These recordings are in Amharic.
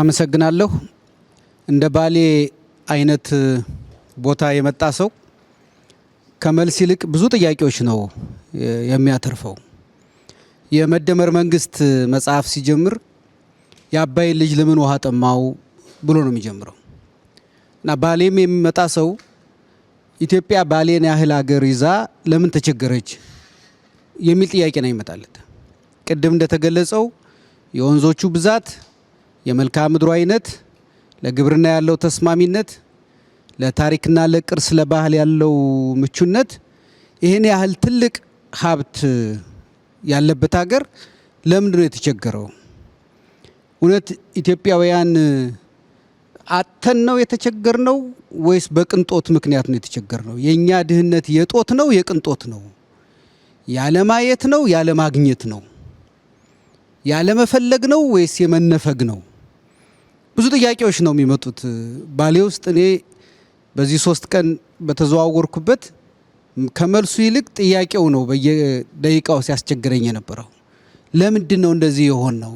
አመሰግናለሁ። እንደ ባሌ አይነት ቦታ የመጣ ሰው ከመልስ ይልቅ ብዙ ጥያቄዎች ነው የሚያተርፈው። የመደመር መንግስት መጽሐፍ ሲጀምር የአባይ ልጅ ለምን ውሃ ጠማው ብሎ ነው የሚጀምረው እና ባሌም የሚመጣ ሰው ኢትዮጵያ ባሌን ያህል ሀገር ይዛ ለምን ተቸገረች የሚል ጥያቄ ነው ይመጣለት። ቅድም እንደተገለጸው የወንዞቹ ብዛት የመልክዓ ምድሩ አይነት፣ ለግብርና ያለው ተስማሚነት፣ ለታሪክና ለቅርስ ለባህል ያለው ምቹነት ይህን ያህል ትልቅ ሀብት ያለበት ሀገር ለምንድን ነው የተቸገረው? እውነት ኢትዮጵያውያን አተን ነው የተቸገር ነው ወይስ በቅንጦት ምክንያት ነው የተቸገር ነው የእኛ ድህነት የጦት ነው የቅንጦት ነው? ያለማየት ነው ያለማግኘት ነው? ያለመፈለግ ነው ወይስ የመነፈግ ነው? ብዙ ጥያቄዎች ነው የሚመጡት። ባሌ ውስጥ እኔ በዚህ ሶስት ቀን በተዘዋወርኩበት ከመልሱ ይልቅ ጥያቄው ነው በየደቂቃው ሲያስቸግረኝ የነበረው። ለምንድን ነው እንደዚህ የሆን ነው?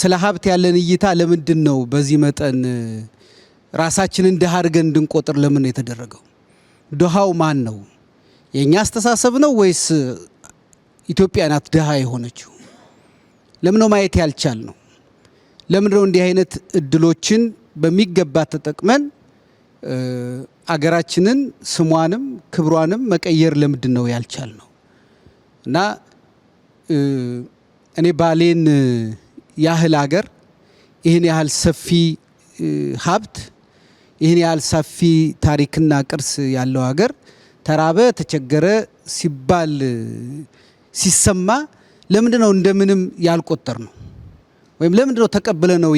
ስለ ሀብት ያለን እይታ ለምንድን ነው በዚህ መጠን ራሳችንን ድሃ አድርገን እንድንቆጥር ለምን የተደረገው? ድሃው ማን ነው? የእኛ አስተሳሰብ ነው ወይስ ኢትዮጵያ ናት ድሃ የሆነችው? ለምን ነው ማየት ያልቻል ነው ለምንድነው እንዲህ አይነት እድሎችን በሚገባ ተጠቅመን አገራችንን ስሟንም ክብሯንም መቀየር ለምንድን ነው ያልቻል ነው? እና እኔ ባሌን ያህል አገር ይህን ያህል ሰፊ ሀብት ይህን ያህል ሰፊ ታሪክና ቅርስ ያለው ሀገር ተራበ ተቸገረ ሲባል ሲሰማ ለምንድን ነው እንደምንም ያልቆጠር ነው? ወይም ለምንድነው ተቀብለ ነው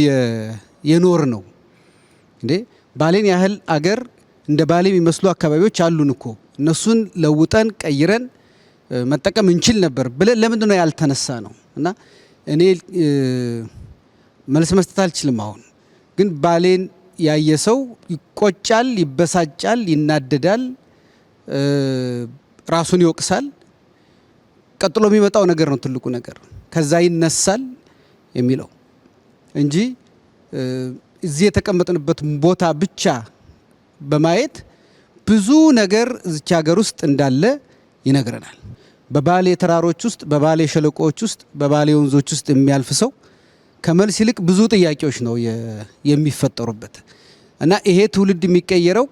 የኖር ነው እንዴ? ባሌን ያህል አገር እንደ ባሌ የሚመስሉ አካባቢዎች አሉን እኮ እነሱን ለውጠን ቀይረን መጠቀም እንችል ነበር ብለን ለምንድነው ያልተነሳ ነው? እና እኔ መልስ መስጠት አልችልም። አሁን ግን ባሌን ያየ ሰው ይቆጫል፣ ይበሳጫል፣ ይናደዳል፣ ራሱን ይወቅሳል። ቀጥሎ የሚመጣው ነገር ነው ትልቁ ነገር። ከዛ ይነሳል። የሚለው እንጂ እዚህ የተቀመጥንበት ቦታ ብቻ በማየት ብዙ ነገር እዚች ሀገር ውስጥ እንዳለ ይነግረናል። በባሌ ተራሮች ውስጥ፣ በባሌ ሸለቆዎች ውስጥ፣ በባሌ ወንዞች ውስጥ የሚያልፍ ሰው ከመልስ ይልቅ ብዙ ጥያቄዎች ነው የሚፈጠሩበት እና ይሄ ትውልድ የሚቀየረው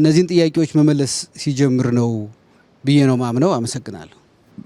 እነዚህን ጥያቄዎች መመለስ ሲጀምር ነው ብዬ ነው ማምነው። አመሰግናለሁ።